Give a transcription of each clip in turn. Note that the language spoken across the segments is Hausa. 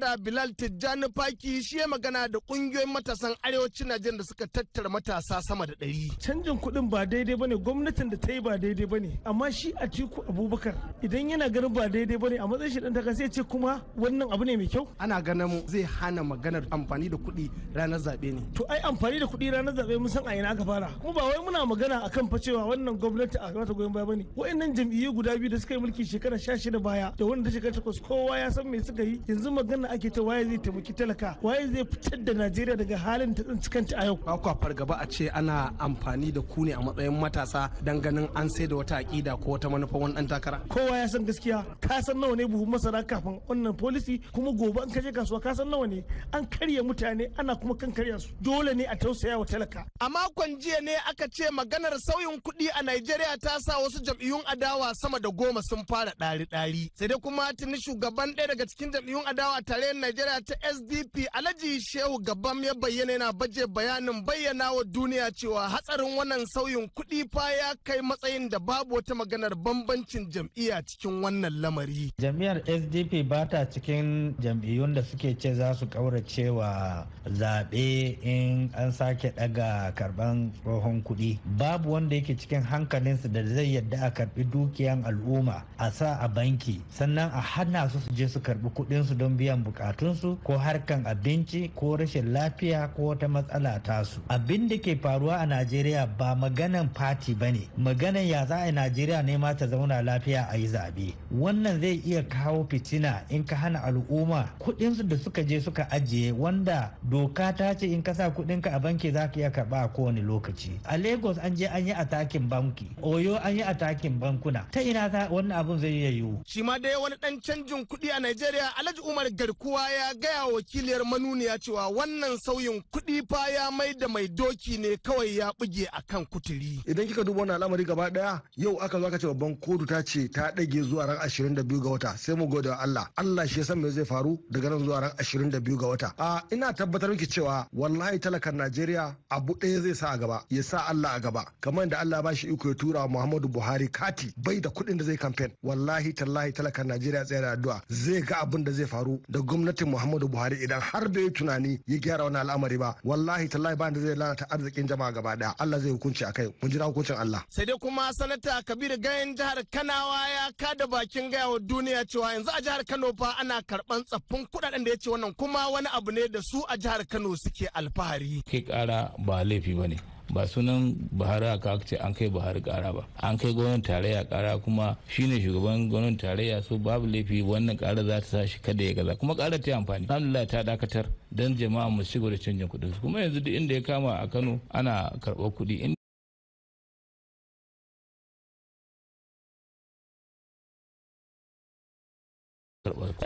da Bilal Tijjani Faki shi ya magana da kungiyoyin matasan arewacin Najeriya da suka tattara matasa sama da ɗari. Canjin kuɗin ba daidai bane gwamnatin da ta yi ba daidai bane amma shi a Atiku Abubakar idan yana ganin ba daidai bane a matsayin shi dan taka sai ce kuma wannan abu ne mai kyau. Ana ganin zai hana maganar amfani da kuɗi ranar zaɓe ne. To ai amfani da kuɗi ranar zaɓe mun san a ina aka fara kuma ba wai muna magana akan fa cewa wannan gwamnati a wata goyon baya bane. Wa'annan jam'iyyu guda biyu da suka yi mulki shekara 16 baya da wanda ta shekara 8 kowa ya san me suka yi yanzu magana ake ta waye zai taimaki talaka waye zai fitar da najeriya daga halin ta tsinci kanta a yau ba fargaba a ce ana amfani da ku ne a matsayin matasa dan ganin an sai da wata aƙida ko wata manufa wani dan takara kowa ya san gaskiya ka san nawa ne buhun masara kafin wannan policy kuma gobe an kaje kasuwa ka san nawa ne an karya mutane ana kuma kan karya su dole ne a tausaya wa talaka a makon jiya ne aka ce maganar sauyin kuɗi a Najeriya ta sa wasu jam'iyyun adawa sama da goma sun fara ɗari-ɗari sai dai kuma tuni shugaban ɗaya daga cikin jam'iyyun adawa tare Najeriya ta SDP Alhaji Shehu Gabam ya bayyana yana baje bayanin bayyana wa duniya cewa hatsarin wannan sauyin kuɗi fa ya kai matsayin da babu wata maganar bambancin jam'iyya cikin wannan lamari. Jam'iyyar SDP ba ta cikin jam'iyyun da suke ce za su kaurace wa zaɓe in an sake ɗaga karɓan tsohon kuɗi. Babu wanda yake cikin hankalinsu da zai yadda a karɓi dukiyan al'umma a sa a banki sannan a hana su su je su karɓi kuɗinsu don biyan biyan bukatunsu ko harkan abinci ko rashin lafiya ko wata matsala tasu abin da ke faruwa a najeriya ba maganan fati ba ne maganan ya za a najeriya ne ma ta zauna lafiya a yi zabe wannan zai iya kawo fitina in ka hana al'umma kuɗinsu da suka je suka ajiye wanda doka ta ce in ka sa kuɗinka a banki za ka iya karɓa a kowane lokaci a lagos an je an yi atakin banki oyo an yi atakin bankuna ta ina wannan abun zai iya yiwu shi ma dai wani dan canjin kuɗi a najeriya alhaji umar gar kowa ya gaya wakiliyar manuniya cewa wannan sauyin kuɗi fa ya mai da mai doki ne kawai ya buge a kan kuturi. Idan kika duba wannan al'amari gaba ɗaya yau aka zo aka ce babban kotu ta ce ta ɗage zuwa ran 22 ga wata sai mu gode wa Allah. Allah shi ya san me zai faru daga nan zuwa ran 22 ga wata. A ina tabbatar miki cewa wallahi talakan Najeriya abu ɗaya zai sa a gaba ya sa Allah a gaba kamar da Allah ba shi iko ya tura Muhammadu Buhari kati bai da kuɗin da zai kamfen wallahi tallahi talakan Najeriya tsaya da addu'a zai ga abin da zai faru da da gwamnatin Muhammadu Buhari idan har bai yi tunani ya gyara wani al'amari ba wallahi tallahi ba da zai lalata arzikin jama'a gaba daya Allah zai hukunci a kai mun jira hukuncin Allah sai dai kuma sanata Kabir Gayen jihar Kanawa ya da bakin gaya wa duniya cewa yanzu a jihar Kano fa ana karban tsaffin kudaden da ya ce wannan kuma wani abu ne da su a jihar Kano suke alfahari kai kara ba laifi bane ba sunan buhari aka ce an kai buhari kara ba an kai gwamnatin tarayya kara kuma shine shugaban gwamnatin tarayya so babu laifi wannan kara za ta sa shi kada ya gaza kuma kara ta amfani alhamdulillah ta dakatar dan jama'a mu shigo da canjin kuɗin kuma yanzu duk inda ya kama a kano ana karɓar kuɗi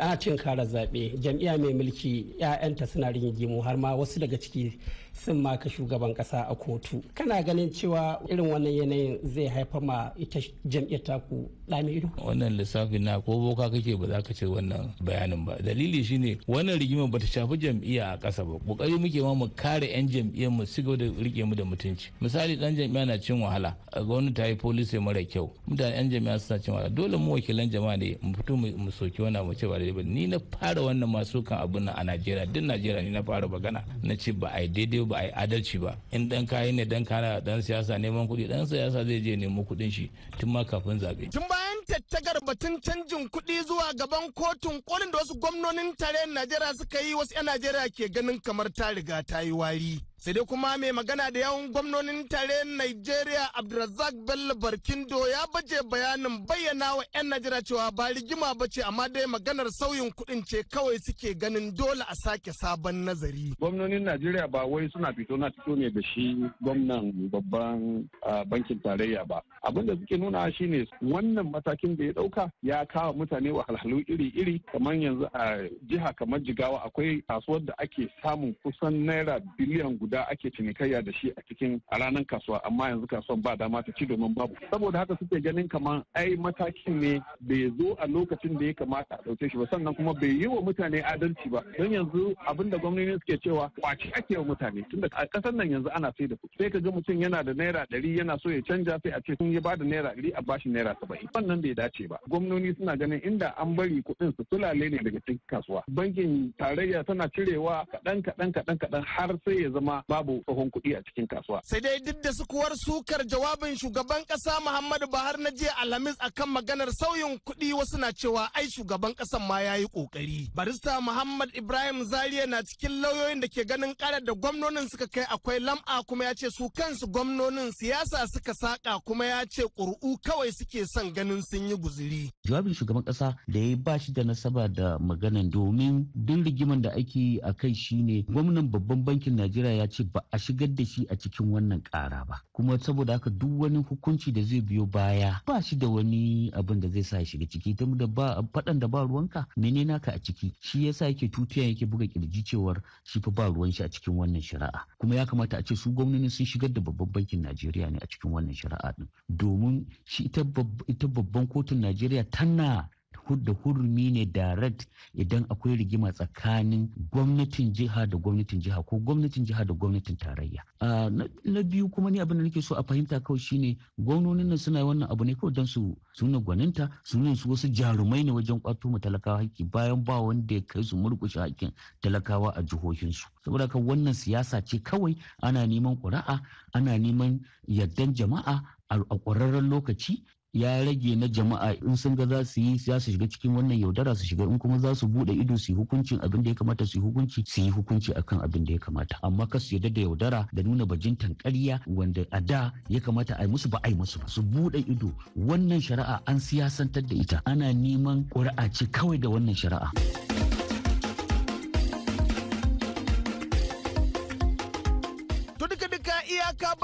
a cin kara zaɓe jam'iyya mai mulki 'ya'yanta suna rigingimu har ma wasu daga ciki sun maka shugaban kasa a kotu kana ganin cewa irin wannan yanayin zai haifar ma ita jam'iyyar taku ɗame ido wannan lissafin na ko boka kake ba za ka ce wannan bayanin ba dalili shine wannan rigimar bata shafi jam'iyya a ƙasa ba kokari muke ma mu kare 'yan jam'iyyar mu su da rike mu da mutunci misali dan jam'iyya na cin wahala a gwamnati ta yi policy mara kyau mutane 'yan jam'iyya suna cin wahala dole mu wakilan jama'a ne mu fito mu soki wannan mu ce ba daidai ba ni na fara wannan masu kan abu nan a najeriya duk najeriya ni na fara magana na ce ba a yi daidai ba a yi adalci ba in dan kayi ne dan kana dan siyasa neman kuɗi dan siyasa zai je nemo kuɗin shi tun ma kafin zaɓe. tun bayan tattakar batun canjin kuɗi zuwa gaban kotun kolin da wasu gwamnonin tarayyar najeriya suka yi wasu 'yan najeriya ke ganin kamar ta riga ta yi wari. sai dai kuma mai magana da yawan gwamnonin tare nigeria Abdulrazak Bello Barkindo ya baje bayanin bayyana wa 'yan Najeriya cewa ba rigima ba ce amma dai maganar sauyin kudin ce kawai suke ganin dole a sake sabon nazari. Gwamnonin Najeriya ba wai suna fito na fito ne da shi gwamnan babban bankin tarayya ba. Abin da suke nuna shine wannan matakin da ya dauka ya kawo mutane wahalhalu iri-iri kamar yanzu a jiha kamar Jigawa akwai kasuwar da ake samun kusan naira biliyan guda guda ake cinikayya da shi a cikin a ranar kasuwa amma yanzu kasuwan ba dama ta ci domin babu saboda haka suke ganin kamar ai mataki ne bai zo a lokacin da ya kamata a ɗauke shi ba sannan kuma bai yi wa mutane adalci ba don yanzu abin da gwamnati suke cewa kwaci ake wa mutane tunda a ƙasar nan yanzu ana sai da kuɗi sai ka ga mutum yana da naira ɗari yana so ya canja sai a ce sun ya ba da naira ɗari a bashi naira saba'in wannan bai dace ba gwamnoni suna ganin inda an bari kuɗin su tulale ne daga cikin kasuwa bankin tarayya tana cirewa kaɗan kaɗan kaɗan kaɗan har sai ya zama babu tsohon kuɗi a cikin kasuwa. Sai dai duk da sukuwar sukar jawabin shugaban ƙasa Muhammadu Buhari na jiya Alhamis akan maganar sauyin kuɗi wasu na cewa ai shugaban ƙasan ma ya yi ƙoƙari. Barista Muhammad Ibrahim Zariya na cikin lauyoyin da ke ganin ƙarar da gwamnonin suka kai akwai lam'a kuma ya ce su kansu gwamnonin siyasa suka saƙa kuma ya ce ƙuri'u kawai suke son ganin sun yi guziri. Jawabin shugaban ƙasa da ya ba shi da nasaba da maganan domin duk rigiman da ake a kai shine gwamnan babban bankin Najeriya ya ce ba a shigar da shi a cikin wannan kara ba kuma saboda haka duk wani hukunci da zai biyo baya ba shi da wani abin da zai sa ya shiga ciki ta da ba faɗan da ba ruwanka mene naka a ciki shi yasa yake tutuya yake buga kirji cewar shi fa ba ruwan shi a cikin wannan shari'a kuma ya kamata a ce su gwamnati sun shigar da babban bankin Najeriya ne a cikin wannan shari'a din domin shi ita babban kotun Najeriya tana hudda hurumi ne direct idan akwai rigima tsakanin gwamnatin jiha da gwamnatin jiha ko gwamnatin jiha da gwamnatin tarayya na biyu kuma ni abin da nake so a fahimta kawai shine gwamnonin nan suna wannan abu ne kawai don su suna gwaninta su su wasu jarumai ne wajen kwato mu talakawa haƙƙi bayan ba wanda ya kai su murƙushe haƙƙin talakawa a jihohinsu saboda haka wannan siyasa ce kawai ana neman ƙuri'a ana neman yardan jama'a a ƙwararren lokaci ya rage na jama'a in sun ga za su yi za su shiga cikin wannan yaudara su shiga in kuma za su bude ido su yi hukuncin abin da ya kamata su yi hukunci su yi hukunci akan abin da ya kamata amma kas yadda da yaudara da nuna bajintan ƙarya wanda a da ya kamata a yi musu ba a yi musu ba su bude ido wannan shari'a an siyasantar da ita ana neman ƙuri'a ce kawai da wannan shari'a.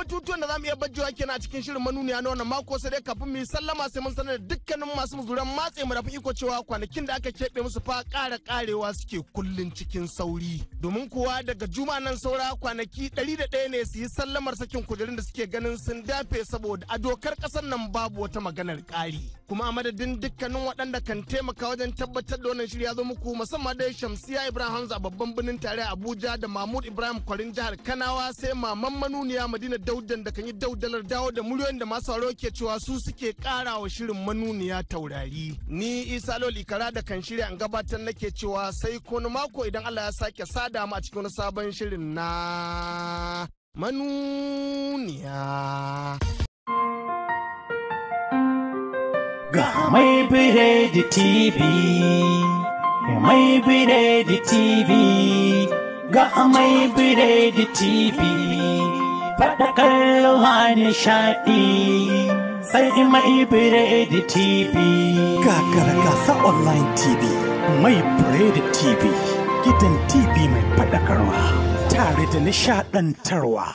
batutuwan da za mu iya bajjewa kenan a cikin shirin manuniya na wannan mako sai dai kafin mu yi sallama sai mun sanar da dukkanin masu muzuran matse mu da iko cewa kwanakin da aka keɓe musu fa ƙara ƙarewa suke kullun cikin sauri domin kuwa daga juma nan saura kwanaki ɗari da ɗaya ne su yi sallamar sakin kujerun da suke ganin sun dafe saboda a dokar ƙasar nan babu wata maganar ƙari kuma a madadin dukkanin waɗanda kan taimaka wajen tabbatar da wannan shirya zo muku musamman dai shamsiya ibrahim a babban birnin tare abuja da mahmud ibrahim kwarin jihar kanawa sai maman manuniya madina daudan da kan yi daudalar dawo da muryoyin da masu aro ke cewa su suke kara wa shirin manuniya taurari. Ni Isa Loli Kara da kan shirya an gabatar nake cewa sai kono mako idan Allah ya sake sada mu a cikin wani sabon shirin na manuniya. Ga mai bire da TV. mai biredi TV ga mai biredi TV. faɗakar ruwa nishaɗi sai mai da TV. Kakara gasa online TV, mai biredi TV, gidan TV mai faɗakarwa tare da nishaɗantarwa.